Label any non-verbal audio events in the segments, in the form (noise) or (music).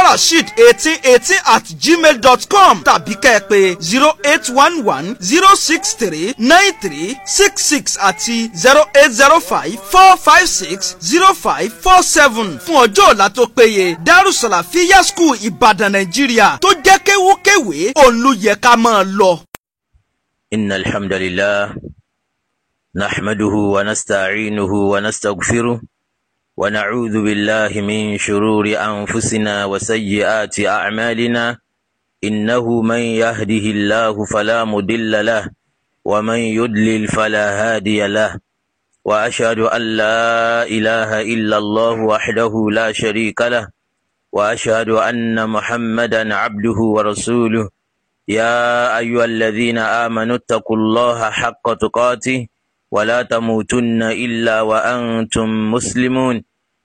farasheed eighteen eighteen at gmail dot com tàbí kẹ́ẹ̀pè zero eight one one zero six three nine three six six àti zero eight zero five four five six zero five four seven fún ọjọ́ ọ̀la tó péye darussalafiya school ìbàdàn nàìjíríà tó jẹ́ kéwúkéwé òun ló yẹ ká máa lọ. إن الحمد لله نحمده ونستعينه ونستغفره ونعوذ بالله من شرور أنفسنا وسيئات أعمالنا إنه من يهده الله فلا مدل له ومن يدلل فلا هادي له وأشهد أن لا إله إلا الله وحده لا شريك له وأشهد أن محمدا عبده ورسوله يا أيها الذين آمنوا اتقوا الله حق تقاته ولا تموتن إلا وأنتم مسلمون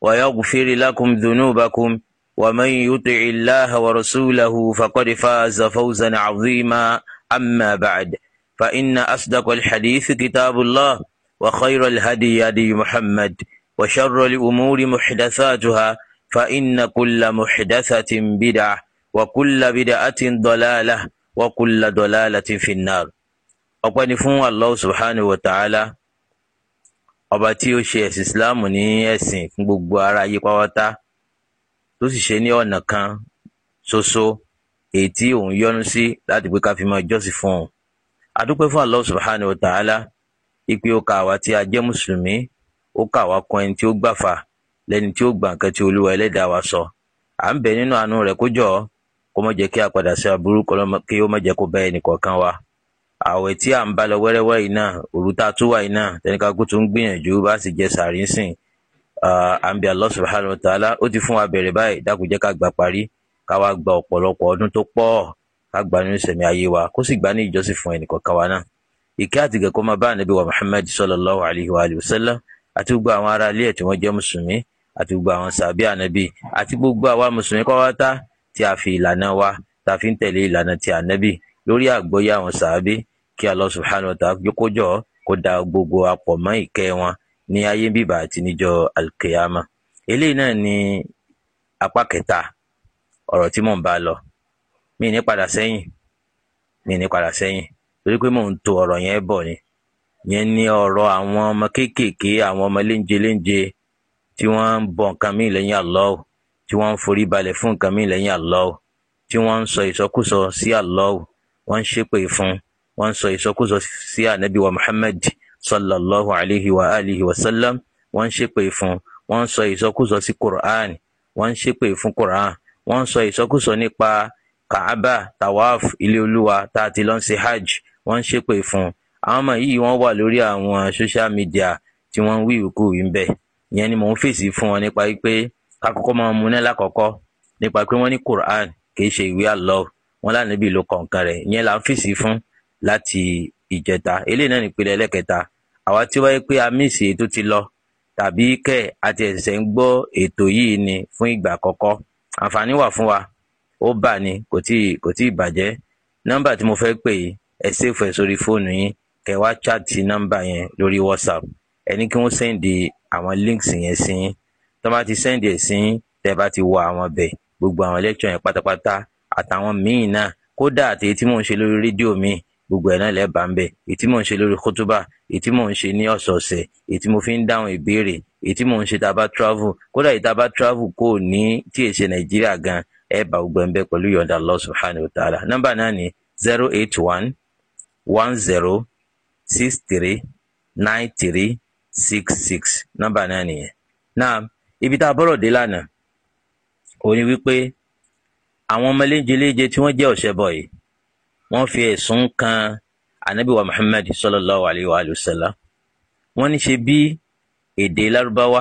ويغفر لكم ذنوبكم ومن يطع الله ورسوله فقد فاز فوزا عظيما أما بعد فإن أصدق الحديث كتاب الله وخير الهدي هدي محمد وشر الأمور محدثاتها فإن كل محدثة بدعة وكل بدعة ضلالة وكل ضلالة في النار وقال الله سبحانه وتعالى ọba tí ó ṣe ẹ̀sìn ìsìláàmù ní ẹ̀sìn fún gbogbo ayé pátápátá tó sì ṣe ní ọ̀nà kan ṣoṣo èyí tí òun yọ́nú sí láti pé ká fi máa jọ́sìn fún adúpẹ́ fún Allah subhanahu wa ipe ó tí a jẹ́ mùsùlùmí ó kà wá kan ẹni tí ó lẹ́ni tí ó tí olúwa ẹlẹ́dàá wa sọ à ń nínú àánú rẹ̀ kó jọ kó kí a ààwẹ̀ tí à ń bá lọ wẹ́rẹ́wẹ́ yìí náà òru tá a tún wà yìí náà tẹnikaku tún gbìyànjú bá sì jẹ sàárì ńsìn à ń bi Allah subhanahu wa ta'ala ó ti fún wa bẹ̀rẹ̀ báyìí dákun jẹ́ ká gbà parí ká wá gba ọ̀pọ̀lọpọ̀ ọdún tó pọ̀ ká gbà nínú sẹ̀mí ayé wa kó sì gbà ní ìjọsìn fún ẹnìkọ̀ọ̀kan wa náà ìkẹ́ àtìgẹ̀ kó máa bá ànábì wa Muhammad sallallahu alayhi wa sallam àti gbogbo àwọn ará ilé ẹ̀ tí wọ́n jẹ́ mùsùlùmí àti gbogbo àwọn sàbí ànábì àti gbogbo àwa mùsùlùmí kọ́wátá tí a fi ìlànà wa tá a fi ń tẹ̀lé ìlànà ti ànábì lórí àgbọ́yé àwọn sàábé kí Allah subhanahu wa ta'ala jókòjọ́ kó da gbogbo apọ̀ mọ́ ìkẹ́ wọn ní ayé bíbà àti níjọ́ alkiyama eléyìí náà ni apá kẹta ọ̀rọ̀ tí mò ń bá lọ mi ní padà sẹ́yìn mi ní padà sẹ́yìn torí pé mò ń to ọ̀rọ̀ yẹn bọ̀ ni yẹn ni ọ̀rọ̀ àwọn ọmọ kéékèèké àwọn ọmọ léńje léńje tí wọ́n ń bọ nǹkan míì lẹ́yìn Allah tí wọ́n ń forí balẹ̀ fún nǹkan míì lẹ́yìn Allah tí wọ́n ń sọ ìsọkúsọ sí Allah wọ́n ń ṣépè fún wọ́n sọ ìsọkúsọ sí ànábì wa Muhammad sallallahu alayhi wa alihi wa sallam wọ́n ń ṣépè fún wọ́n sọ ìsọkúsọ sí Qur'an wọ́n ń ṣépè fún Qur'an wọ́n sọ ìsọkúsọ nípa Kaaba tawaf ilé olúwa tá a ti lọ ń ṣe hajj wọ́n ṣépè fún àwọn ọmọ yìí wọ́n wà lórí àwọn social media tí wọ́n wí ìkú yìí ń bẹ ìyẹn ni mò ń fèsì fún wọn nípa pé kákọ́kọ́ máa mú náà lákọ̀ọ́kọ́ nípa pé wọ́n ní Qur'an kì í ṣe ìwé Allah wọn lánàbì ló kọ̀ọ̀kan rẹ̀ ìyẹn là ń fèsì fún láti ìjẹta eléyìí náà nípele ẹlẹ́kẹta àwa tí wáyé pé a mísì ètò ti lọ tàbí kẹ́ àti ẹ̀sẹ̀ ń gbọ́ ètò yìí ni fún ìgbà àkọ́kọ́ àǹfààní wà fún wa ó bà ní kò tí kò tí ì bàjẹ́ nọ́mbà tí mo fẹ́ pè yìí ẹ ṣèfù ẹ sórí fóònù yín kẹ́ wá chaàtì nọ́mbà yẹn lórí whatsapp ẹ ní kí wọ́n sẹ́ndì àwọn links yẹn sí yín tó bá ti sẹ́ndì ẹ̀ sí yín tẹ́ bá ti wọ àwọn bẹ̀ gbogbo àwọn lecture yẹn pátápátá àtàwọn míì náà kódà àti èyí tí mò ń ṣe lórí rédíò mi gbogbo ẹ̀ náà lẹ́ẹ̀bà ń bẹ̀ èyí tí mò ń ṣe lórí kótóbà èyí tí mò ń ṣe ní ọ̀sọ̀ọ̀sẹ̀ èyí tí mo fi ń dáhùn ìbéèrè èyí tí mò ń ṣe tá a bá travel kódà èyí tá a bá travel kò ní tí èṣe nàìjíríà gan ẹ bá gbogbo ẹ̀ ń bẹ̀ pẹ̀lú yọ̀ǹda Allah subhanahu wa ta'ala nọ́mbà náà ni zero eight one one zero six three nine three six six nọ́mbà náà nìyẹn náà ibi tá a bọ́rọ̀ dé lánàá òní wípé àwọn ọmọ léjeléje tí wọ́n jẹ́ ọ̀ṣẹbọ yìí wọ́n fi ẹ̀sùn kan anabiwa muhammad sallallahu alayhi wa sallam wọ́n ní ṣe bí èdè lárúbáwá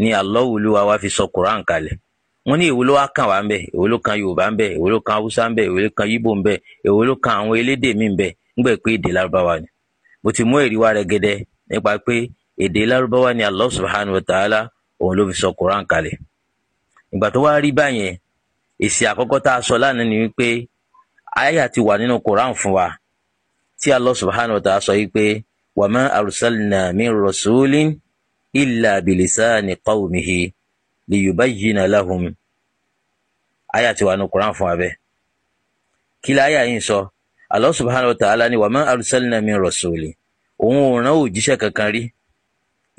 ni alọ́wùlúwa wa fi sọ quran kalẹ̀ wọ́n ní èwo ló wá kàn ń bẹ̀ èwo kan yorùbá ń bẹ̀ èwo kan haúsá ń bẹ̀ èwo kan yíbò ń bẹ̀ èwo kan àwọn elédè míì ń bẹ̀ ńgbẹ̀ pé èdè lárúbáwá ni mo ti mú èrí wa rẹ̀ nípa pé èdè lárúbáwá ni Allah wa ta'ala òun ló fi sọ quran kalẹ̀ ìgbà tó wá rí báyẹn èsì àkọ́kọ́ tá a sọ lánàá ni wípé àyà ti wà nínú Quran fún wa tí Allah subhanahu wa ta'ala sọ wípé wa ma arsalna min rasulin illa bilisani qawmihi liyubayyina lahum àyà ti wà nínú Quran fún wa bẹ́ẹ̀ kí la àyà yìí sọ Allah subhanahu wa ta'ala ni wa ma arsalna min òun ò rán òjíṣẹ́ kankan rí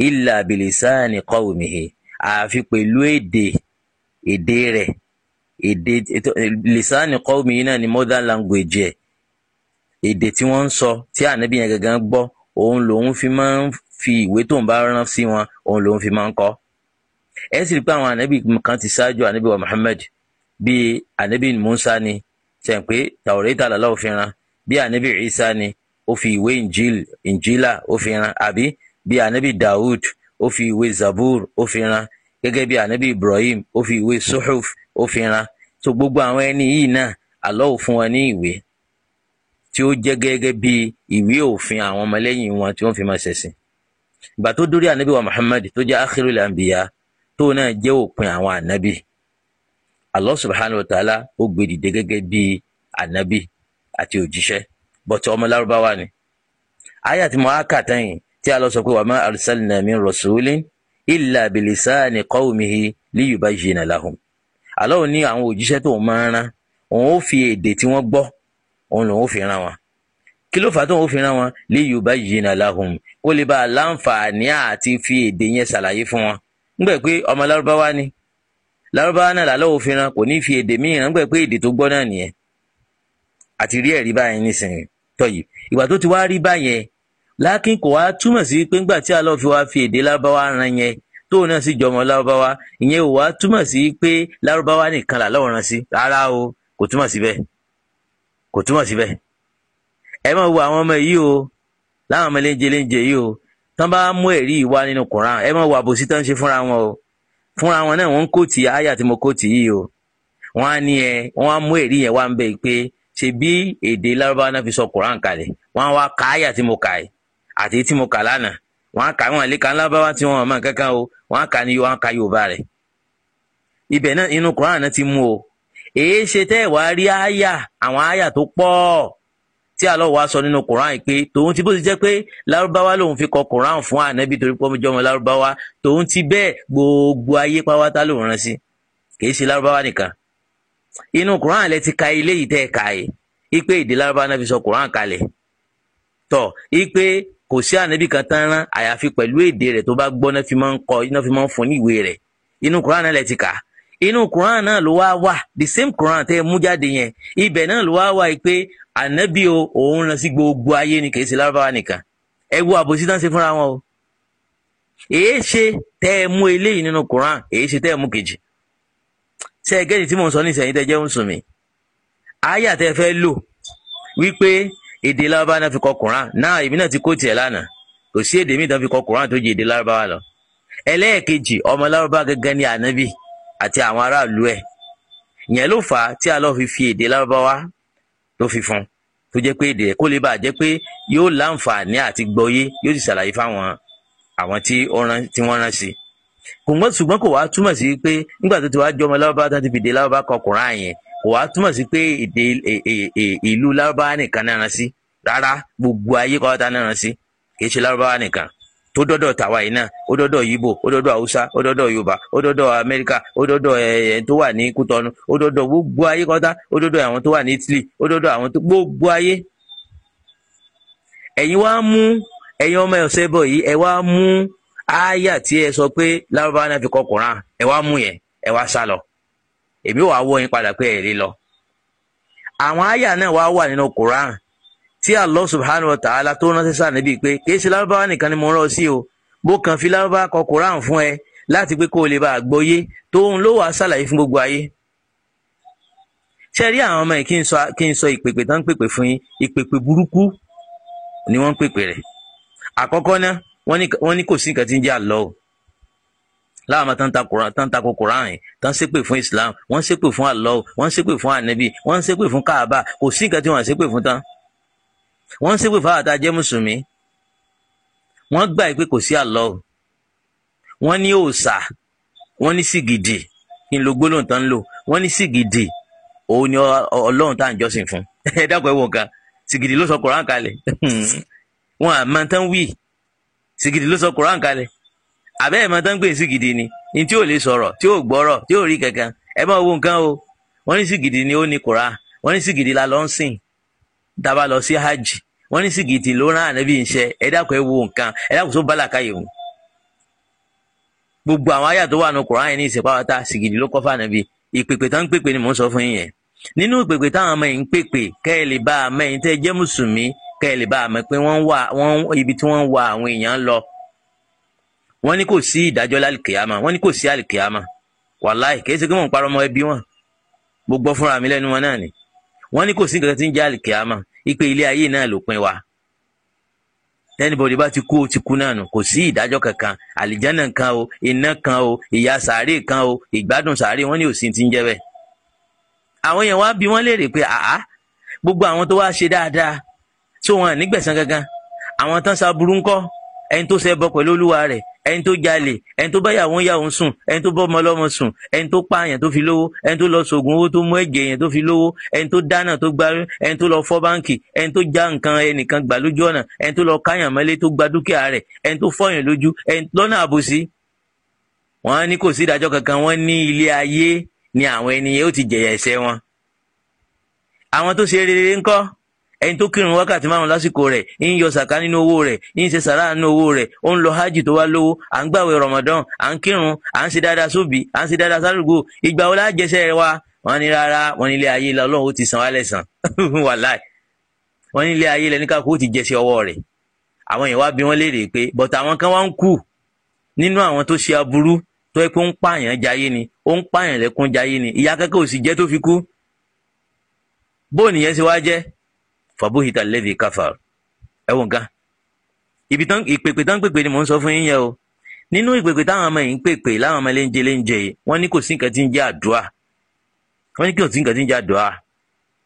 illa bilisani qawmihi àfi pẹ̀lú èdè èdè rẹ̀ èdè eh, lisani kọ́ọ̀mù yìí náà ni modern language ẹ̀ èdè tí wọ́n ń sọ tí ànábì yẹn gangan gbọ́ òun lòun fi máa ń fi ìwé tó ń bá rán sí wọn òun lòun fi máa ń kọ́ ẹ sì rí pé àwọn ànábì kan ti ṣáájú ànábì wa Muhammad bíi ànábì Musa ni sẹ́yìn pé Taurita Allah fi ran bí ànábì Isa ni ó fi ìwé Injil Injila ó fi ran àbí bí ànábì Dawud ó fi ìwé Zabur ó fi ran gẹ́gẹ́ bí ànábì Ibrahim ó fi ìwé Suhuf ó fi ran so gbogbo àwọn ẹni yìí náà àlọ́ ò fún wọn ní ìwé tí ó jẹ́ gẹ́gẹ́ bí ìwé òfin àwọn ọmọlẹ́yìn wọn tí wọ́n fi máa ṣẹ̀sìn ìgbà tó dórí ànábì wa Muhammad tó jẹ́ akhirul anbiya tó náà jẹ́ òpin àwọn ànábì Allah subhanahu wa ta'ala ó gbé gẹ́gẹ́ bí ànábì àti òjíṣẹ́ bọ́tọ̀ ọmọ lárúbáwá ni àyà tí mo á tí a lọ sọ pé wa ma arsalna min rasulin illa bilisani qawmihi liyubayyina lahum Allah ní àwọn òjíṣẹ́ tó ń máa rán òun ó fi èdè tí wọ́n gbọ́ òun lòun ó fi rán wọn kí ló fà á tó ń fi rán wọn li yubayyina lahum ó lè bá a láǹfààní àti fi èdè yẹn ṣàlàyé fún wọn nígbà pé ọmọ lárúbáwá ni lárúbáwá náà làlọ́ òfin rán kò ní fi èdè mìíràn nígbà pé èdè tó gbọ́ náà nìyẹn àti rí ẹ̀rí báyẹn nísìnyí tọ́yì ìgbà tó ti wá rí báyẹn lákìn kò wá túmọ̀ sí pé ńgbà tí Allah fi wá fi èdè lárúbáwá rán yẹn tóun náà sì jọmọ lárúbáwá ìyẹn ò wá túmọ̀ sí pé lárúbáwá nìkan làlọ́ ọ̀ràn sí rárá o kò túmọ̀ síbẹ̀ kò túmọ̀ síbẹ̀ ẹ máa wo àwọn ọmọ yìí o láwọn ọmọ léńjẹ léńjẹ yìí o tán bá mú ẹ̀rí ìwá nínú Quran ẹ máa wo àbòsí tán ń ṣe fúnra wọn o fúnra wọn náà wọ́n ń kóòtì àyà tí mo kóòtì yìí o wọ́n á ní ẹ wọ́n á mú ẹ̀rí yẹn wá ń bẹ pé ṣe bí èdè lárúbáwá náà fi sọ Quran kalẹ̀ wọ́n á wá ka àyà tí mo kà ẹ àti tí mo kà lánàá wọn á kà wọn àlékà ńlá bá wá tí wọn mọ kankan o wọn á kà ní wọn á ka yorùbá rẹ̀ ibẹ̀ náà inú Quran náà ti mú o èé ṣe tẹ́ ẹ̀ wá rí àyà àwọn àyà tó pọ̀ tí Allah wa sọ nínú Quran pé tòun ti bó ti jẹ́ pé lárúbáwá lòun fi kọ Quran fún ànábì torí pé ọmọjọ́ lárúbáwá tòun ti bẹ́ẹ̀ gbogbo ayé pátá lòun rán sí kìí ṣe lárúbáwá nìkan inú Quran lẹ ti ka ilé yìí tẹ́ ẹ̀ ka ipe ìdí lárúbáwá náà fi sọ Quran kalẹ̀ tọ̀ ipe kò sí ànábì kan tán rán àyàfi pẹ̀lú èdè rẹ̀ tó bá gbọ́ náà fi máa ń kọ iná fi máa ń fún ní ìwé rẹ̀ inú Quran náà lẹ ti kà inú Quran náà ló wá wà the same Quran tẹ́ ẹ mú jáde yẹn ibẹ̀ náà ló wá wà pé ànábì o òun rán sí gbogbo ayé ni kì í ṣe lárúbáwá nìkan ẹ wo àbòsí tán ṣe fúnra wọn o èé ṣe tẹ́ ẹ mú eléyìí nínú Quran èé ṣe tẹ́ ẹ mú kejì ṣe é tí mò ń sọ nísìnyí tẹ́ jẹ́ ń sùn mí àyà tẹ́ lò wípé èdè lárúbáwá náà fi kọ kùrán náà èmi náà ti kó tiẹ̀ lánàá kò sí èdè míì tán fi kọ kùrán tó ju èdè lárúbáwá lọ ẹlẹ́ẹ̀kejì ọmọ lárúbáwá gẹ́gẹ́ ni ànábì àti àwọn aráàlú ẹ̀ ìyẹn ló fà á tí Allah fi fi èdè lárúbáwá tó fi fún tó jẹ́ pé èdè kó lè bàa jẹ́ pé yóò láǹfààní àti gbọ́yé yóò sì ṣàlàyé fáwọn àwọn tí wọ́n rán sí kò ṣùgbọ́n kò wá túmọ̀ sí pé nígbà tó ti wá jọmọ lárúbáwá tó ti fi èdè lárúbáwá kọ kò wá túmọ̀ sí pé èdè e, e, e, ìlú lárúbáwá nìkan náà rán sí rárá gbogbo ayé kọ́ ta náà rán sí kì í ṣe lárúbáwá nìkan tó dọ́dọ̀ tàwa yìí náà ó dọ́dọ̀ yíbò ó dọ́dọ̀ haúsá ó dọ́dọ̀ yorùbá ó dọ́dọ̀ amẹ́ríkà ó dọ́dọ̀ ẹ̀ tó wà ní kútọ́nu ó dọ́dọ̀ gbogbo ayé kọ́tá ó dọ́dọ̀ àwọn tó wà ní italy ó dọ́dọ̀ àwọn tó gbogbo ayé. ẹ̀yin wá mú ẹ̀yin ọmọ ẹ̀sẹ̀ bọ̀ yìí ẹ̀ wá mú ááyà tí ẹ sọ pé lárúbáwá náà fi kọ Kùránì ẹ̀ wá mú yẹn ẹ̀ wá sá èmi wàá wọ́ yín padà pé ẹ̀ lè lọ. àwọn àyà náà wàá wà nínú Quran tí Allah subhanahu wa ta'ala tó ránṣẹ́ sáà níbi pé kì í ṣe lárúbáwá nìkan ni mo rán ọ sí o bó kàn fi lárúbáwá kọ Quran fún ẹ láti pé kó o lè bá a gbọ́yé tóun ló wàá fún gbogbo ayé ṣe àwọn ọmọ yìí kí n sọ ìpèpè tán ń pèpè fún yín ìpèpè burúkú ni wọ́n ń pèpè rẹ̀ àkọ́kọ́ náà wọ́n ní kò sí nǹkan tí ń jẹ́ àlọ́ o láwọn tán ta koran tán ta ko koran yìí tán ṣépè fún islam wọ́n ṣépè fún Allah wọ́n ṣépè fún anabi wọ́n ṣépè fún kaaba kò sí nǹkan tí wọ́n ṣépè fún tán wọ́n ṣépè fún àwọn àtàjẹ́ mùsùlùmí wọ́n gbà pé kò sí Allah wọ́n ní òòṣà wọ́n ní sìgìdì kí n lo gbólóhùn tán ń lò wọ́n ní sìgìdì òun ni Ọlọ́run tá à ń jọ́sìn fún (laughs) ẹ dákọ̀ ẹ wọ̀ kan sìgìdì ló sọ koran kalẹ̀ (laughs) wọ́n àmọ́ tán wí sìgìdì ló sọ koran kalẹ̀ àbẹ́ ìmọ̀ tán sí gidi ni ní tí ò lè sọ̀rọ̀ tí ò gbọ́rọ̀ tí ò rí kankan ẹ máa wo nǹkan o wọ́n ní sí gidi ni ó ní kura wọ́n ní sí gidi la lọ́ ń sìn dábàá lọ sí hajj wọ́n ní sí gidi ló rán ànábì iṣẹ́ ẹ dákun ẹ wo nǹkan ẹ dákun tó bálàkà yẹ̀wò gbogbo àwọn àyà tó wà nù kura yẹn ní ìsèpáwátá sí gidi ló kọ́ fànàbì ìpèpè tán ń pèpè ni mò ń sọ fún yín yẹn nínú ìpèpè táwọn ọmọ yìí ń pèpè kẹ́ ẹ lè bá àmọ́ ẹ̀yin tẹ́ jẹ́ mùsùlùmí kẹ́ ẹ lè bá àmọ́ pé wọ́n wà wọ́n ibi tí wọ́n wà àwọn èèyàn lọ wọ́n ní kò sí ìdájọ́ lálìkèyàmà wọ́n ní kò sí àlìkèyàmà wàláì kìí ṣe kí mò ń parọ́ ọmọ ẹbí wọn gbogbo fúnra mi lẹ́nu wọn náà ni wọ́n ní kò sí nǹkan tí ń jẹ́ àlìkèyàmà ipe ilé ayé náà ló pin wa anybody bá ti kú ó ti kú náà nù kò sí ìdájọ́ kankan àlìjánà kan o iná kan o ìyà sàárè kan o ìgbádùn sàárè wọ́n ní ò ti ń jẹ́ bẹ́ẹ̀ àwọn yẹn wá bí wọ́n léèrè pé àá gbogbo àwọn tó wá ṣe dáadáa tó wọn nígbẹ̀san kankan àwọn tán sa burú ẹni tó ṣẹbọ pẹ̀lú olúwa rẹ̀ ẹni tó jalè ẹni tó bá yàwó ń yàwó ń sùn ẹni tó bọ́mọ lọ́mọ sùn ẹni tó pààyàn tó fi lówó ẹni tó lọ sògùn owó tó mú ẹ̀jẹ̀ yẹn tó fi lówó ẹni tó dáná tó gba ẹni tó lọ fọ́ báǹkì ẹni tó já nǹkan ẹnìkan gbà lójú ọ̀nà ẹni tó lọ káyàn mọ́lé tó gba dúkìá rẹ̀ ẹni tó fọ́yàn lójú ẹni lọ́nà àbòsí. wọ́n ní kò sí ìdájọ́ kankan wọ́n ní ilé ayé ni àwọn ẹni yẹn ó ti jẹ̀yà ẹ̀ṣẹ̀ wọn. àwọn tó ṣe rere ńkọ́ ẹni tó kírun wákàtí márùn lásìkò rẹ̀ ń yọ sàká nínú owó rẹ̀ ń ṣe sàrà nínú owó rẹ̀ ó ń lọ hajj tó wá lówó à ń gbàwẹ̀ ramadan à ń kírun à ń ṣe dáadáa sóbì à ń ṣe dáadáa sálùgbò ìgbà wo lájẹsẹ wa wọ́n ní rárá wọ́n ní ilé ayé la Ọlọ́run ó ti san wálẹ sàn (laughs) wàláì wọ́n ní ilé ayé lẹni káko ó ti jẹsẹ ọwọ́ rẹ̀ àwọn yẹn wá bí wọ́n léèrè pé bọtà àwọn kan wá ń kú nínú àwọn tó ṣe aburú tó yẹ pé ó ń pààyàn fàbúhìtà lẹ́dí káfà ẹ̀wọ̀n nǹkan ibi tán ìpèpè tán pèpè ni mò ń sọ fún yín yẹn o nínú ìpèpè táwọn ọmọ yìí ń pèpè láwọn ọmọ léńjẹ léńjẹ yìí ní kò sí nǹkan tí ń jẹ́ àdúrà wọ́n ní kò sí nǹkan tí ń jẹ́ àdúrà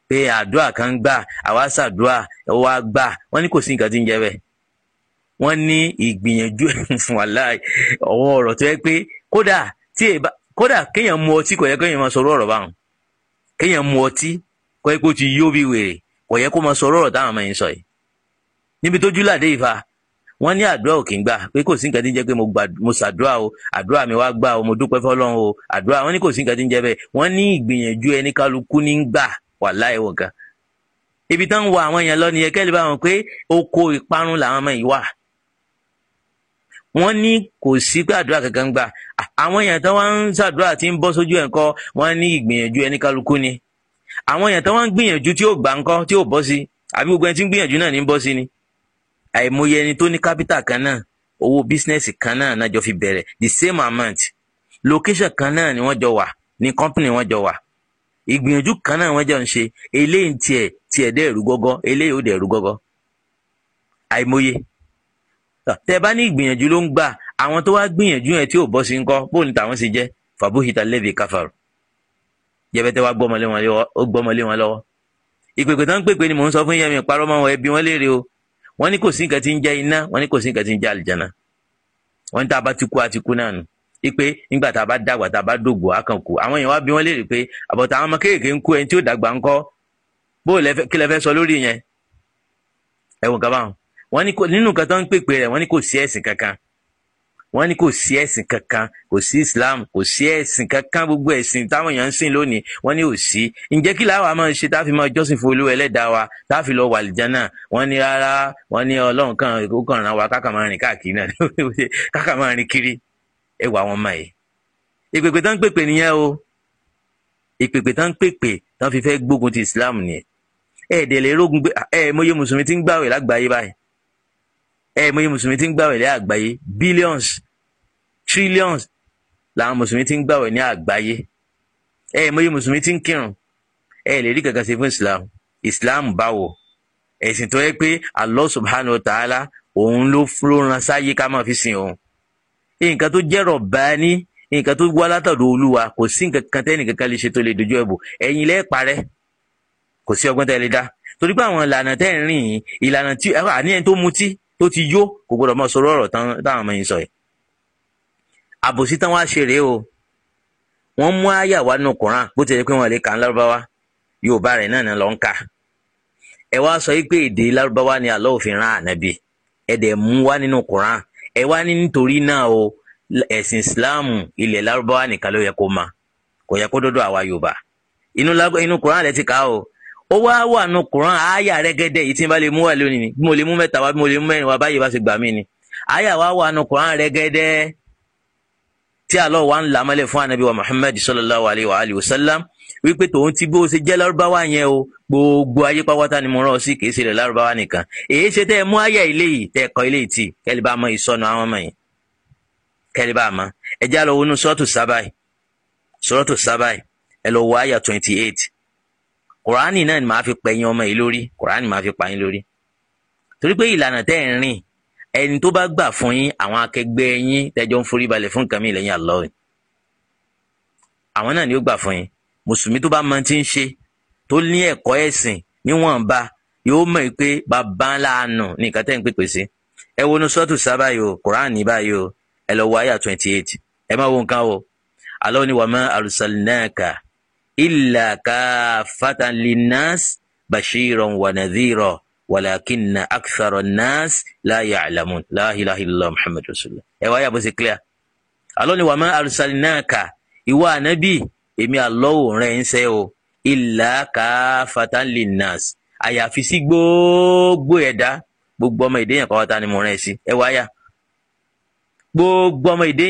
pé àdúrà kan gbà àwa gbà ní kò sí nǹkan tí ń ní ìgbìyànjú (laughs) fún tó yẹ mu ọtí kò yẹ kéèyàn máa ọrọ báwọn kéèyàn mu kò yẹ kó máa sọ ọ̀rọ̀ táwọn ọmọ yẹn sọ yìí níbi tójú làdé ìfà wọ́n ní àdúrà ò kì í gbà pé kò sí nǹkan tí ń jẹ́ pé mo ṣàdúrà o àdúrà mi wá gbà o mo dúpẹ́ fọ́lọ́run o àdúrà wọ́n ní kò sí nǹkan tí ń jẹ́ bẹ́ẹ̀ wọ́n ní ìgbìyànjú ẹni kálukú ní gbà wà láì wọ̀ gan. ibi tán ń wọ àwọn èèyàn lọ nìyẹn bá wọn pé oko ìparun làwọn ọmọ yìí wà. wọ́n ní kò sí pé àdúrà kankan gbà àwọn èèyàn tán wá ń ṣàdúrà tí ń bọ́ sójú ẹ̀ wọ́n ní ìgbìyànjú ẹni kálukú ni àwọn èèyàn tó wọ́n ń gbìyànjú tí ó gbà ńkọ́ tí ó bọ́ sí àbí gbogbo ẹni tí ń gbìyànjú náà ní bọ́ sí ni àìmọye ẹni tó ní kápítà kan náà owó bísínẹ́sì kan náà náà jọ fi bẹ̀rẹ̀ the same amount location kan náà ni wọ́n jọ wà ní company wọ́n jọ wà ìgbìyànjú kan náà wọ́n jọ ń ṣe eléyìí tiẹ̀ tiẹ̀ dẹ̀ rú gọ́gọ́ eléyìí ó dẹ̀ rú gọ́gọ́ àìmọye tẹ bá ní ìgbìyànjú ló ń gbà àwọn tó wá gbìyànjú yẹn tí ò bọ́ sí ńkọ́ bóun ni tàwọn ṣe jẹ́ fàbúhìtà lẹ́bi káfàrọ̀ yẹbẹtẹ wa gbọmọlé wọn lọ́wọ́ ó gbọmọlé wọn lọ́wọ́ ìpèpè tán ń pèpè ni mò ń sọ fún yẹmi parọ́ mọ́ wọn ẹbí wọn léèrè o wọ́n ní kò sí nǹkan tí ń jẹ́ iná wọ́n ní kò sí nǹkan tí ń jẹ́ àlìjáná wọ́n ní tá a bá ti kú a ti kú náà nù ipe nígbà tá a bá dàgbà tá a bá dògbò a kàn kú àwọn èèyàn wá bí wọ́n léèrè pé àbọ̀tà àwọn ọmọ kéèké ń kú ẹni tí ó dàgbà ń bó kí lẹ fẹ́ sọ lórí yẹn ẹ̀wọ̀n kan báwọn ní nínú nǹkan tó ń pèpè rẹ̀ wọ́n ní kò sí ẹ̀sìn kankan wọ́n ní kò sí ẹ̀sìn kankan kò sí islam kò sí ẹ̀sìn kankan gbogbo ẹ̀sìn táwọn èèyàn ń sìn lónìí wọ́n ní ò sí ǹjẹ́ kí làwọn máa ṣe táfi máa jọ́sìn fún olú ẹlẹ́dàá wa táfi lọ wà lìjánà wọ́n ní rárá wọ́n ní ọlọ́run kan ó kàn ràn wá káàkà máa rìn káàkiri náà (laughs) káàkà máa rìn kiri ẹ wà wọn máa yìí. ìpèpè tán ń pèpè nìyẹn o ìpèpè tán ń pèpè tán fi fẹ́ gbógun ti islam nìyẹn ẹ̀ẹ́dẹ̀ ẹ mọ̀ iye mùsùlùmí tí ń gbàwẹ̀ ní àgbáyé billions trillions làwọn mùsùlùmí tí ń gbàwẹ̀ ní àgbáyé ẹ mọ̀ iye mùsùlùmí tí ń kírun ẹ lè rí kankan ṣe fún islam islam báwo ẹ̀sìn tó yẹ pé Allah subhanahu wa ta'ala òun ló ló ran sáyé ká máa fi sìn òun nǹkan tó jẹ́ rọ̀bání nǹkan tó wá látọ̀dọ̀ olúwa kò sí nǹkan kan tẹ́nì kankan lè ṣe tó lè dojú ẹ̀bù ẹ̀yin lẹ́ẹ̀ parẹ́ kò sí ọgbọ́n tẹ́ lè dá torí pé àwọn ìlànà tẹ́ ń rìn yìí ìlànà tí àní tó mutí tó ti yó kò gbọdọ̀ máa sọ̀rọ̀ ọ̀rọ̀ táwọn ọmọ yìí sọ yìí àbòsí táwọn á ṣe rèé o wọ́n mú àyà wá nínú Quran bó ti yẹ pé wọ́n lè kà ń lárúbáwá Yorùbá rẹ̀ náà ni lọ ń kà ẹ wá sọ pé èdè lárúbáwá ni àlọ́ òfin rán ànábì ẹ dẹ̀ mú wá nínú Quran ẹ wá ní nítorí náà o ẹ̀sìn Ìsìláàmù ilẹ̀ lárúbáwá nìkan ló yẹ kó ma kò yẹ kó dọ́dọ̀ àwa Yorùbá inú Quran rẹ̀ ti kà á o ó wá wà nù kùrán àáyà rẹ́gẹ́dẹ́ yìí tí n bá lè mú wà lónìí ni bí mo lè mú mẹ́ta wá bí mo lè mú mẹ́rin wá báyìí bá ṣe gbà mí ni àáyà wá wà nù kùrán rẹ́gẹ́dẹ́ tí àlọ́ wa ń là fún anabi wa Muhammad sallallahu alayhi wa alayhi wa sallam wípé tòun ti bó ṣe jẹ́ lárúbáwá yẹn o gbogbo ayé pátá ni mo rán ọ sí kì í ṣe rẹ̀ lárúbáwá nìkan èyí ṣe tẹ́ ẹ mú àyà ilé yìí tẹ́ ẹ kọ́ ilé tì kẹ́lí bá mọ ìsọnù àwọn ọmọ yìí kẹ́lí bá mọ ẹ já lọ wọnú sọ́ọ̀tù sábàì sọ́ọ̀tù sábàì ẹ lọ wọ àyà twenty eight kùránì náà ni màá fi ọmọ yìí lórí kùránì màá fi pa yín ìlànà tẹ́ rìn ẹni tó bá gbà fún yín àwọn akẹgbẹ́ yín tẹjọ ń forí balẹ̀ fún nǹkan mi àwọn náà ni ó gbà fún yín mùsùlùmí tó bá mọ ti ń ṣe tó ní ẹ̀kọ́ ẹ̀sìn níwọ̀nba yóò mọ̀ pé bàbá ńlá ní tẹ́ ń pèpè sí ẹ wo ní sọ́ọ̀tù illa kaffatan linnas bashiran wa nadhira walakinna akthara nnas la ya'lamun la ilaha illallah muhammadu rasulullah ẹ wáyà bó ṣe clear alọ́ ni wàmọ́ arsalinaka ìwọ ànábì èmi àlọ́wò rẹ̀ ń sẹ́ o ìlà kaffatan linnas àyàfi sí gbogbo ẹ̀dá gbogbo ọmọ èdè yẹn ni mo rẹ̀ sí ẹ wáyà gbogbo ọmọ èdè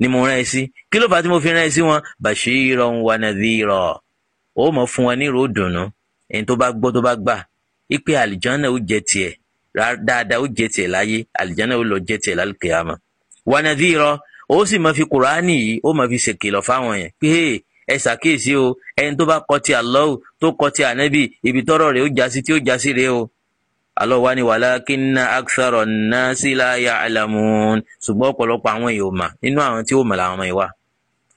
ni mo rán ẹ sí kí ló fà á tí mo fi rán sí wọn bashiran wa nadhira ó mọ̀ fún wọn ní ìró dùnú ẹni tó bá gbọ́ tó bá gbà ipe àlìjánà ó jẹ tiẹ̀ dáadáa ó jẹ tiẹ̀ láyé àlìjánà ó lọ jẹ tiẹ̀ lálùkìyàmà wa nadhira ó sì máa fi kùránì yìí ó máa fi ṣèkìlọ̀ fáwọn yẹn pé ẹ ṣàkíyèsí o ẹni tó bá kọ̀ ti Allah tó kọ̀ ti ànábì ibi tọ́rọ̀ rẹ̀ ó jásí tí ó jásí rẹ̀ o alọ́wà ni walakinna akthara nnasi la ya'lamun ṣùgbọ́n ọ̀pọ̀lọpọ̀ àwọn èèyàn ò mà nínú àwọn tí ó mà làwọn ọmọ ìwà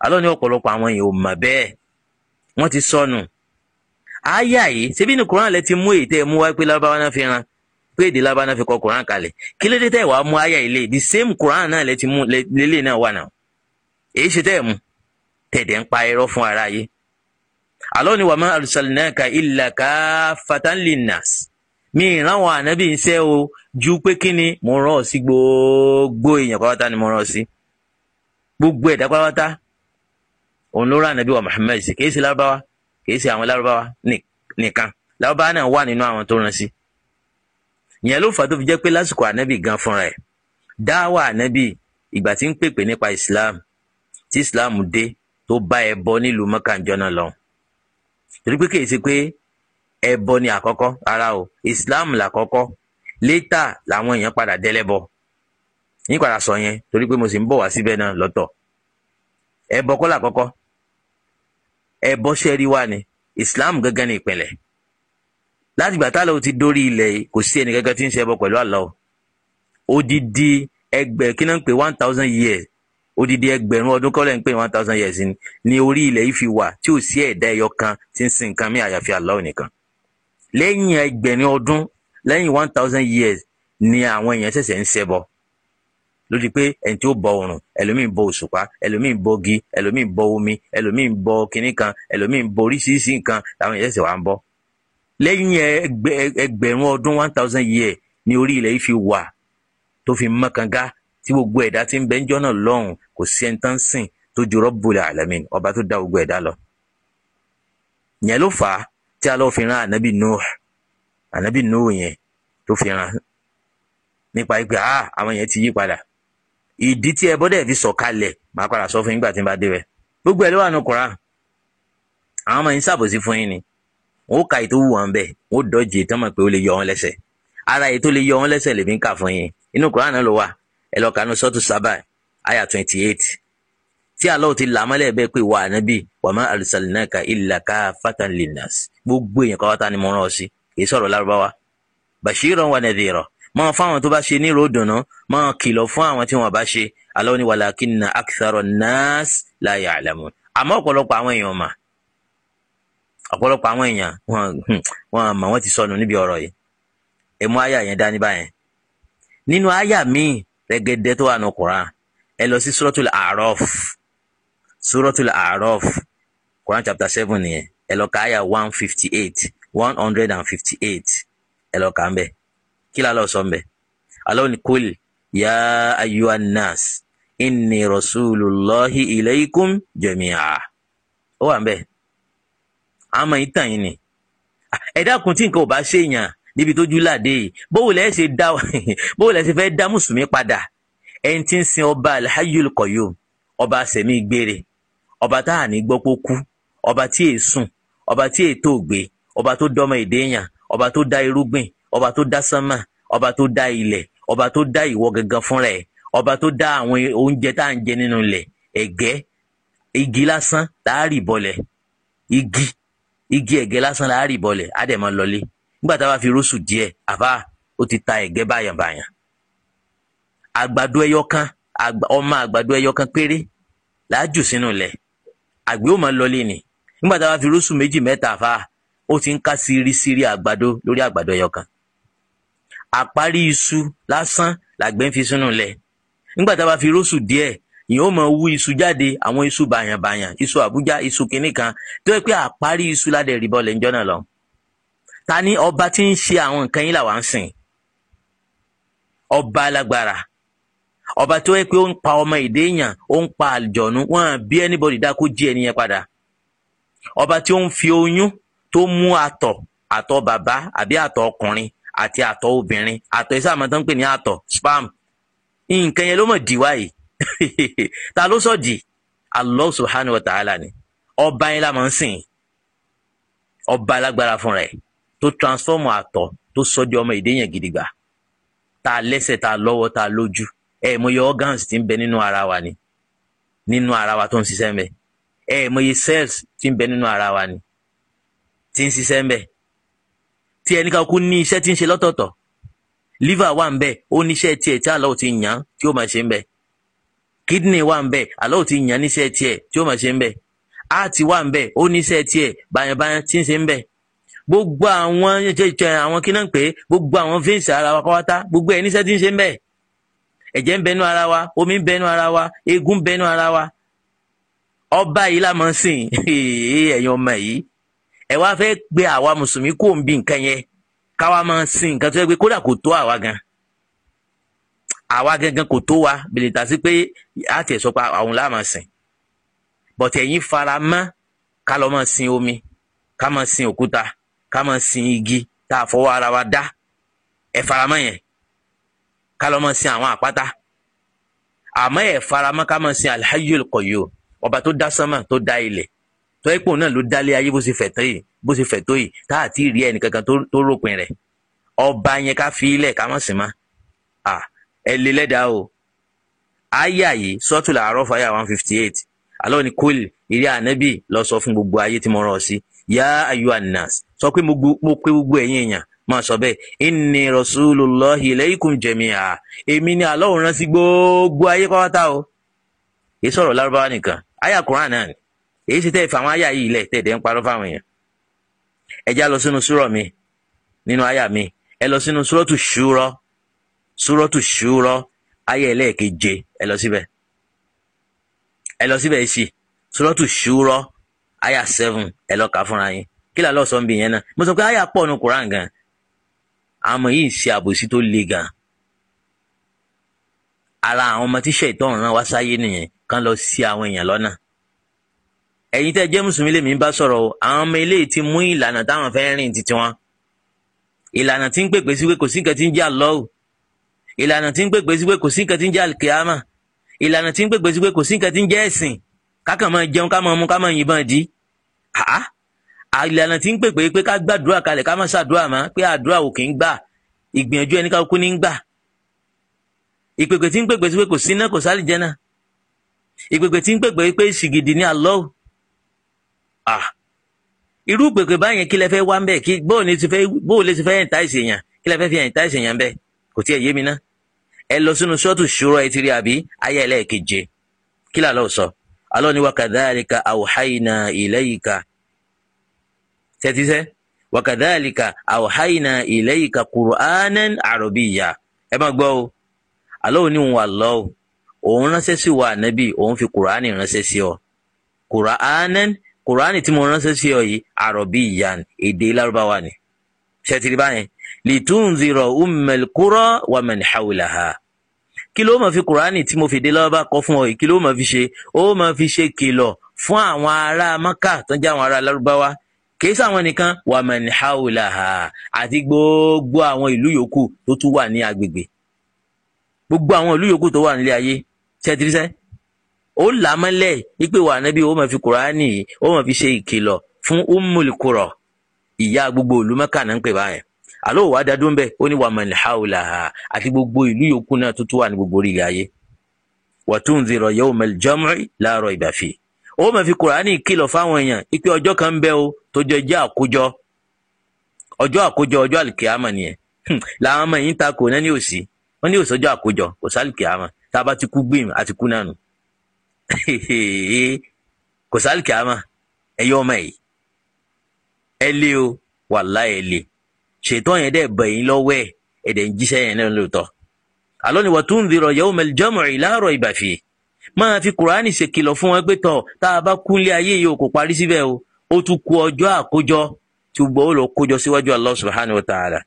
alọ́ ni ọ̀pọ̀lọpọ̀ àwọn èèyàn ò mà bẹ́ẹ̀ wọ́n ti sọnù àyà yìí ṣebí ní kuran lẹ ti mú èyí tẹ́ ẹ mú wá pé lábáwá náà fi ran pé èdè lábáwá náà fi kọ kuran kalẹ̀ kí ló dé tẹ́ ẹ wàá mú àyà yìí lé the same kuran náà lẹ ti mú lélẹ̀ náà wà náà èyí ṣe tẹ́ ẹ mú tẹ̀dẹ̀ ń pa irọ́ fún ara yìí alọ́ ni wàá ma arsalnaka illa kaffatan linnas mi ìrànwọ́ ànábì ń ṣe o ju pé kí ni mo rán ọ sí gbogbo èèyàn pátá ni mo rán ọ sí gbogbo ẹ̀dá pátá òun ló rán ànábì wa Muhammad sí kìí ṣe lárúbáwá kìí ṣe àwọn lárúbáwá nìkan lárúbáwá náà wà nínú àwọn tó rán sí ìyẹn ló fà tó fi jẹ́ pé lásìkò ànábì gan fúnra ẹ̀ dáwà ànábì ìgbà tí ń pèpè nípa Islam tí Islam dé tó bá ẹ bọ nílùú mọ́kànjọ́ náà lọ torí pé kìí ṣe pé ẹbọ ni àkọ́kọ́ rárá o Islam làkọ́kọ́ létà làwọn èèyàn padà dẹ́lẹ́bọ yín padà sọ yẹn torí pé mo sì ń bọ̀ wá síbẹ̀ náà lọ́tọ̀ ẹbọ kọ́ làkọ́kọ́ ẹbọ ṣẹ́rí wá ni Islam gẹ́gẹ́ ní ìpìlẹ̀ láti gbà tá lóò ti dórí ilẹ̀ yìí kò sí ẹnì gẹ́gẹ́ tí ń ṣẹbọ pẹ̀lú Allah odidi ẹgbẹ́ kí náà ń pè one thousand years odidi ẹgbẹ̀rún ọdún kọ́lẹ̀ ń pè one thousand years ni orí ilẹ̀ yìí fi wà tí ò sí ẹ̀dá ẹyọ kan tí ń sin nǹkan mí àyàfi Allah nìkan lẹ́yìn ẹgbẹ̀rin ọdún lẹ́yìn one thousand years ni àwọn èèyàn ṣẹ̀ṣẹ̀ ń ṣẹbọ lórí pé ẹni tí ó bọ òrùn ẹlòmíì bọ òṣùpá ẹlòmíì bọ igi ẹlòmíì bọ omi ẹlòmíì bọ kinní kan ẹlòmíì bọ oríṣiríṣi nǹkan làwọn èèyàn ṣẹ̀ṣẹ̀ wá ń bọ lẹ́yìn ẹgbẹ̀rún ọdún one thousand years ni orí ilẹ̀ yìí fi wà tó fi mọ́kànga tí gbogbo ẹ̀dá ti ń bẹ ń jọ́nà lọ́hùn kò sí ẹni tán sìn tó ju Rabbul Alamin ọba tó dá gbogbo ẹ̀dá lọ. yẹn ló fà á tí a fi ran anabi Nuh anabi Nuh yẹn tó fi ran nípa ikpe, ah àwọn yẹn ti yí padà ìdí tí ẹbọ dẹ̀ fi sọ̀kalẹ̀ màá padà sọ fún yín gbà tí n bá dé rẹ gbogbo ẹ̀ ló wà nù àwọn ọmọ yín fún yín ni wọn ka ètò wù wọn wọn dọjì ara lè yọ wọn ń kà fún yín inú náà ló wà ẹ lọ kà tí Allah ti là mọ́lẹ̀ bẹ́ẹ̀ pé wà ànábì wa ma arsalnaka illa kaffatan linnas gbogbo èèyàn kọ́wọ́ta ni mo rán ọ sí kì í sọ̀rọ̀ lárúbáwá bashiran wa nadhira máa fáwọn tó bá ṣe ní ròdùnú máa kìlọ̀ fún àwọn tí wọ́n bá ṣe Allah ni walakinna akthara nnas la ya'lamun àmọ́ ọ̀pọ̀lọpọ̀ àwọn èèyàn mà ọ̀pọ̀lọpọ̀ àwọn èèyàn hmm, wọ́n ti sọnù níbi ọ̀rọ̀ yìí ẹ mú àyà yẹn dání báyẹn nínú àyà míì rẹ̀gẹ̀dẹ̀ tó wà nù Qur'an ẹ lọ sí suratul A'raf suratul araf quran chapter seven nìyẹn ẹ lọ one fifty eight one hundred and fifty eight ẹ lọ kà ń bẹ kí lọ sọ ń bẹ alóòní ya ayyuhan nas inni rasulullahi ilaykum jami'a ó wà ń bẹ àmọ́ ìtàn yìí ni ẹ dákun tí nǹkan ò bá ṣèyàn níbi tójú láde yìí bówó lẹ ṣe dá (laughs) bówó lẹ ṣe fẹ́ dá mùsùlùmí padà ẹni tí ń sin ọba alhayyul qayyum ọba sẹ̀mí gbére ọba tá à ní gbọ́ pé ó kú ọba tí èè sùn ọba tí èè tó gbé ọba tó dọ́mọ èdè èèyàn ọba tó dá irúgbìn ọba tó dá sánmà ọba tó dá ilẹ̀ ọba tó dá ìwọ gangan fúnra ẹ̀ ọba tó dá àwọn oúnjẹ tá à ń jẹ nínú ilẹ̀ ẹ̀gẹ́ igi lásán láàrì bọlẹ̀ igi igi ẹ̀gẹ́ lásán láàrì bọlẹ̀ àdẹ̀mọ́ lọlé nígbà tá a bá fi rúṣù díẹ̀ àbá ó ti ta ẹ̀gẹ́ báyànbáyàn àgbàdo ẹyọ kan ọmọ àgbàdo ẹyọ kan péré làá sínú ilẹ̀ àgbẹ̀ ó máa lọlé ni nígbà tá a bá fi rúṣù méjì mẹ́ta fa ó ti ń ká sírísírí àgbàdo lórí àgbàdo ẹyọ kan àparí iṣu lásán làgbẹ̀ ń fi sínú lẹ̀ nígbà tá a bá fi rúṣù díẹ̀ ìyẹn ó máa wú iṣu jáde àwọn iṣu bàyànbàyàn iṣu àbújá iṣu kìnnì kan tó yẹ pé àparí iṣu ládẹ̀ rìbọn lè ń lọ ta ni ọba tí ń ṣe àwọn nǹkan yín làwọn ń sìn ọba alágbára ọba tó yẹ pé ó ń pa ọmọ èdè èèyàn ó ń pa àlùjọ̀nú wọn à bí anybody dá kó jí ẹni yẹn padà ọba tí ó ń fi oyún tó mú àtọ̀ àtọ̀ bàbá àbí àtọ̀ ọkùnrin àti àtọ̀ obìnrin àtọ̀ iṣẹ́ àmọ́ tó ń pè ní àtọ̀ spam nǹkan yẹn ló mọ̀ dì wáyé (laughs) ta ló sọ dì Allah subhanahu wa ta'ala ni ọba yẹn la máa ń sìn ọba alágbára fúnra ẹ̀ tó transform àtọ̀ tó sọ di ọmọ èdè yẹn gidigba ta lẹ́sẹ̀ ta lọ́wọ́ ta lójú ẹ mọ organs tí ń bẹ nínú ara wa ni nínú ara wa tó ń ṣiṣẹ́ mbẹ ẹ mọ iye cells tí ń bẹ nínú ara wa ni tí ń ṣiṣẹ́ mbẹ tí ẹnì ní iṣẹ́ tí ń ṣe lọ́tọ̀ọ̀tọ̀ liver wà ń bẹ ó níṣẹ́ tiẹ̀ tí àlọ́ ti yàn tí ó máa ṣe ń kidney wà ń bẹ àlọ́ ti yàn níṣẹ́ tiẹ̀ tí ó máa ṣe ń heart wà ń bẹ ó níṣẹ́ tiẹ̀ bàyànbàyàn tí ń ṣe ń bẹ gbogbo àwọn àwọn kí náà pé gbogbo àwọn veins ara wa kọ́wátá gbogbo ẹ̀ níṣẹ́ tí ń ṣe ń ẹ̀jẹ̀ ń bẹnu ara wa omi ń bẹnu ara wa eegun ń bẹnu ara wa ọba yìí la máa ń sìn ẹ̀yin ọmọ yìí ẹ wá fẹ́ gbé àwa mùsùlùmí kò ń bi nǹkan yẹn káwa máa sìn nǹkan tó yẹ pé kódà kò tó àwa gan àwa gangan kò tó wa bìlìtà sí pé a tiẹ̀ sọ pé àwọn la máa sìn bọ̀tẹ̀ ẹ̀yin fara mọ́ ká lọ máa sin omi ká máa sin òkúta ká máa sin igi tá a fọwọ́ ara wa dá ẹ fara mọ́ yẹn ká lọ máa sin àwọn àpáta àmọ́ ẹ̀ faramọ́ ká máa sin alhayyul qayyum ọba tó dá sánmà tó dá ilẹ̀ tó ipò náà ló dálé ayé bó ṣe fẹ̀ tó yìí bó ṣe fẹ̀ tó yìí tá à ti rí ẹnìkankan tó ròpin rẹ̀ ọba yẹn ká fi ilẹ̀ ká má sìn mọ́ à ẹ lè lẹ́dàá o àyà yìí sọ́tù làárọ̀ fàyà one fifty eight alọ́ ni kólì ìrí ànábì lọ sọ fún gbogbo ayé tí mo rán ọ sí yá ayu anas sọ pé mo pe gbogbo ẹ̀yin èèyàn máa sọ bẹ́ẹ̀ inni rasulullahi ilaykum jami'a èmi ni Allah rán sí gbogbo ayé pátá o èyí sọ̀rọ̀ lárúbáwá nìkan àyà Qur'an náà ni èyí sì tẹ́ ìfà àwọn àyà yìí ilẹ̀ tẹ̀dẹ̀ ń parọ́ fáwọn èèyàn ẹ lọ sínú súrọ̀ mi nínú àyà mi ẹ lọ sínú súrọ̀tù ṣúrọ̀ súrọ̀tù ṣúrọ̀ àyà ẹlẹ́ẹ̀keje ẹ lọ síbẹ̀ ẹ lọ síbẹ̀ sí súrọ̀tù ṣúrọ̀ àyà seven ẹ lọ kà fúnra yín kí làlọ́ sọ ń bì yẹn náà mo sọ pé àyà pọ̀ nu Qur'an gan-an àwọn ọmọ yìí ń ṣe àbòsí tó le gan ara àwọn ọmọ tíṣẹ́ ìtọ́run náà wá sáyé nìyẹn kán lọ sí àwọn èèyàn lọ́nà ẹ̀yin tẹ́ jẹ́ mùsùlùmí lèmi bá sọ̀rọ̀ o àwọn ọmọ eléyìí ti mú ìlànà táwọn fẹ́ rìn títí wọn ìlànà tí ń pèpè sí pé kò sí nǹkan tí ń jẹ́ àlọ́ọ̀ ìlànà tí ń pèpè sí pé kò sí nǹkan tí ń jẹ́ àlìkèámà ìlànà tí ń pèpè sí pé kò sí nǹkan tí ń jẹ́ ẹ̀sìn ká máa jẹun ká máa mu yìnbọn dì í ìlànà tí ń pè pé pé ká gbàdúrà kalẹ̀ ká má ṣàdúrà mọ́ pé àdúrà ò kì í gbà ìgbìyànjú ẹni ká kú ní gbà ìpèpè tí ń pèpè sí pé kò sí náà kò sálì jẹ́ náà ìpèpè tí ń pèpè pé ṣìgìdì ní Allah ah irú pèpè báyẹn kí lẹ fẹ́ wá ń bẹ̀ kí bóò lè ti fẹ́ bóò lè ti fẹ́ ẹ̀ǹtá ìṣèyàn kí lẹ fẹ́ fi ẹ̀ǹtá ìṣèyàn bẹ̀ kò tí ẹ̀ yé mi ná ẹ lọ sínú sọ́ọ̀tù ṣúrà ẹ ti rí àbí ayé ẹlẹ́ẹ̀keje kí làlọ́ sọ Allah wa kadhalika awhayna ilayka tẹ́tíṣẹ́ wakadhalika awhayna ilayka qur'anan arabiyya ẹ máa gbọ́ o Allah ni wà lọ́ o òun ránṣẹ́ sí wa ànábì òun fi qur'ani ránṣẹ́ sí ọ qur'anan qur'ani tí mo ránṣẹ́ sí ọ yìí arabiyyan èdè lárúbáwá ni ṣẹ́tìrì báyẹn litunzira ummal qura wa man hawlaha kí ló máa fi qur'ani tí mo fi dé lọ́wọ́ bá kọ́ fún ọ yìí kí ló máa fi ṣe ó máa fi ṣe kìlọ̀ fún àwọn ará maka tó ń jẹ́ àwọn ará lárúbáwá kìí sáwọn nìkan wà man hawlaha àti gbogbo àwọn ìlú yòókù tó tún wà ní agbègbè gbogbo àwọn ìlú yòókù tó wà nílé ayé tẹ́tírísẹ́ ó là mọ́lẹ̀ wípé wà nábì ó máa fi kùránì ó máa fi ṣe ìkìlọ̀ fún ummul qura ìyá gbogbo ìlú Mẹ́kà náà ń pè báyẹn àlọ́ òwò adá dún bẹ́ẹ̀ ó ní wà man àti gbogbo ìlú yòókù náà tó tún wà ní gbogbo orílẹ̀ ayé wa tunzira yawmal jam'i la ó máa fi kùránì kìlọ̀ fáwọn èèyàn ipe ọjọ́ kan ń bẹ o tó jẹ́ jẹ́ àkójọ ọjọ́ àkójọ ọjọ́ àlìkìyàmọ̀ nìyẹn hmm, làwọn ọmọ yìí ń takò náà ní òsì wọn ní òsọjọ́ àkójọ kò sálìkìyàmọ̀ tá a bá ti kú gbìm àti kú nànú (laughs) kò sálìkìyàmọ̀ ẹ̀yọ́ ọmọ yìí ẹ lé o wàláhì ẹ lé ṣètò yẹn dẹ̀ bẹ̀ yín lọ́wọ́ ẹ̀ ẹ̀dẹ̀ ń jíṣẹ́ yẹn náà lóòótọ́ àlọ́ ni tún ń dirọ̀ yẹ́wò mẹ́lẹ́jọ́mọ̀ ìlàrọ̀ ìbàfẹ́ máa fi kùránì ṣèkìlọ̀ fún wọn pé tọ̀ tá a bá kúnlé ayé yìí ò kò parí síbẹ̀ o ó tún ku ọjọ́ àkójọ tí gbọ́ ó lọ kójọ síwájú Allah subhanahu wa ta'ala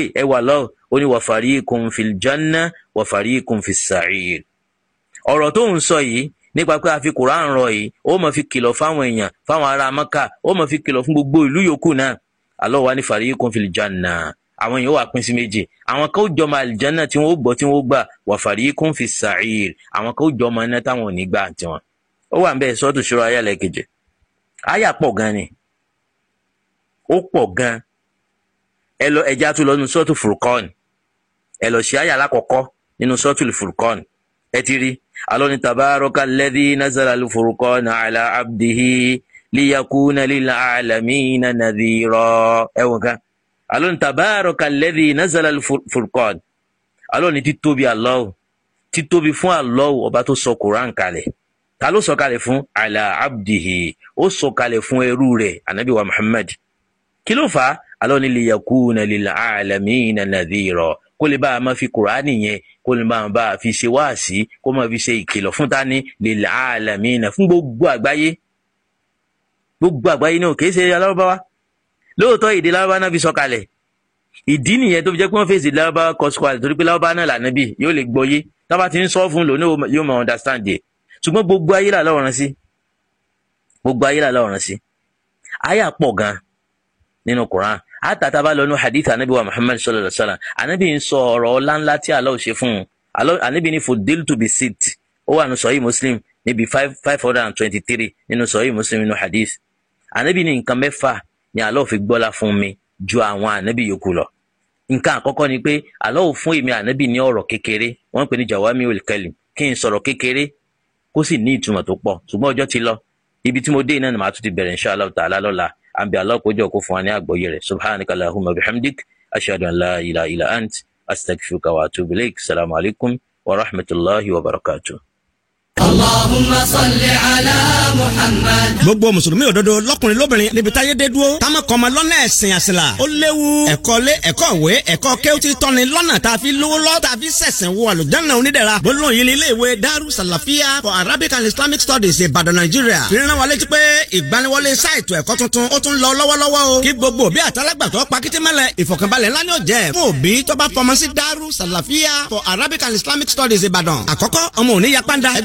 ẹ wà lọ́wọ́ ó ní wa fariqun fil janna wa fariqun sa'ir ọ̀rọ̀ tó ń sọ yìí nípa pé a fi kùrán rọ yìí ó mọ̀ fi kìlọ̀ fáwọn èèyàn fáwọn ará Mọ́kà ó mọ̀ fi kìlọ̀ fún gbogbo ìlú yòókù náà Allah wà ní fariqun fil janna àwọn yòówà pín sí méje àwọn kan ó jọ ọmọ àlìjánná tí wọn ó gbọ́ tí wọn ó gbà wa fariqun fi sa'ir àwọn kan ó jọ ọmọ iná táwọn ò ní gbà tiwọn ó wà nbẹ sọtù ṣòro ayálẹ keje àyà pọ̀ gan ni ó pọ̀ gan ẹ lọ ẹja tó lọ nínú sọtù furqan ẹ lọ ṣe àyà alákọ̀ọ́kọ́ nínú sọtù furqan ẹ ti rí alọ́ni tabaraka alladhi nazala al-furqana abdihi liyakuna lil alamina nadhira ẹ̀wọ̀n kan alóni tabaraka lẹ́dí nazala furqan alóni títóbi Allahu títóbi fún Allahu ọba tó sọ koran kalẹ̀ ta ló sọ kalẹ̀ fún ala abdihi ó sọ kalẹ̀ fún ẹrú rẹ̀ anabi wa muhammad kí ló fà á alóni liyakuna lil alamina nadhira kó lè bá a máa fi koran yẹn kó lè máa bá a fi ṣe wáàsí kó fi ṣe ìkìlọ̀ fún tani lil alamina fún gbogbo àgbáyé gbogbo àgbáyé náà kì í ṣe alárúbáwá lóòótọ́ èdè lárúbá náà fi sọ̀kalẹ̀ ìdí nìyẹn tó fi jẹ́ pé wọ́n fèsì lárúbá kọ́sùkọ́lẹ̀ torí pé lárúbá náà lànà bí yóò lè gbọ́yé tábà ti ń sọ fún un lòun yóò mọ̀ understand yẹ ṣùgbọ́n gbogbo ayé là lọ́rùn sí gbogbo ayé là lọ́rùn sí àyà pọ̀ gan nínú Quran àtàtà bá lọ́nu hadith anabi wa Muhammad sallallahu alayhi wa sallam anabi ń sọ ọ̀rọ̀ ọlá ńlá tí Allah ṣe fún un anabi ní fudil to be sit ó wà nù sọ́yìn Muslim níbi five hundred and twenty-three nínú sọ́yìn Muslim nínú hadith anabi ní nǹkan mẹ́fà ni Allah fi gbọ́lá fún mi ju àwọn ànábì yòókù lọ nǹkan àkọ́kọ́ ni pé Allah fún èmi ànábì ní ọ̀rọ̀ kékeré wọ́n ń pè ní jawamiul kalim kí n sọ̀rọ̀ kékeré kó sì ní ìtumọ̀ tó pọ̀ ṣùgbọ́n ọjọ́ ti lọ ibi tí mo dé iná ni màá tún ti bẹ̀rẹ̀ insha Allah ta'ala lọ́la àbí Allah kó jọ̀ọ́ kó fún wa ní àgbọ́yé rẹ̀ subhanaka wa rahmatulahi wa barakatuh. Allahumma salli ala Muhammad. gbogbo mùsùlùmí òdodo lọkùnrin lóbìnrin níbi táyé dé dúró táwọn kan máa lọ́nà ẹ̀sìn àṣìlá ó léwu ẹ̀kọ́ lé ẹ̀kọ́ ìwé ẹ̀kọ́ kéwùtì tọ́ni lọ́nà tá a fi lówó lọ́ tá a fi sẹ̀sìn wọ àlùjáná onídẹ̀ra gbólóhùn yìí ní ilé Daru Salafia for Arabic and Islamic Studies Ìbàdàn Nàìjíríà ìrìnà wa létí pé ìgbaniwọlé sáìtù ẹ̀kọ́ tuntun ó tún lọ lọ́wọ́lọ́wọ́ o kí gbogbo òbí